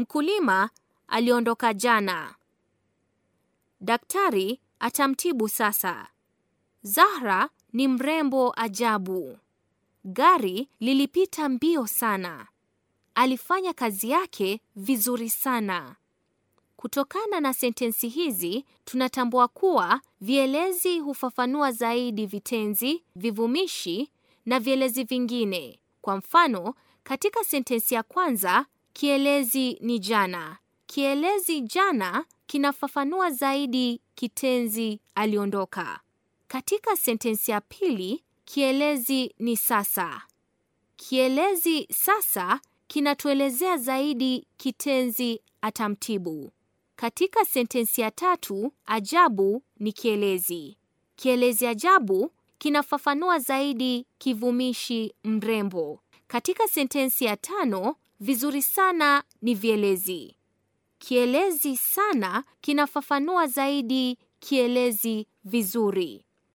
Mkulima aliondoka jana. Daktari atamtibu sasa. Zahra ni mrembo ajabu. Gari lilipita mbio sana. Alifanya kazi yake vizuri sana. Kutokana na sentensi hizi tunatambua kuwa vielezi hufafanua zaidi vitenzi, vivumishi na vielezi vingine. Kwa mfano, katika sentensi ya kwanza Kielezi ni jana. Kielezi jana kinafafanua zaidi kitenzi aliondoka. Katika sentensi ya pili, kielezi ni sasa. Kielezi sasa kinatuelezea zaidi kitenzi atamtibu. Katika sentensi ya tatu, ajabu ni kielezi. Kielezi ajabu kinafafanua zaidi kivumishi mrembo. Katika sentensi ya tano, Vizuri sana ni vielezi. Kielezi sana kinafafanua zaidi kielezi vizuri.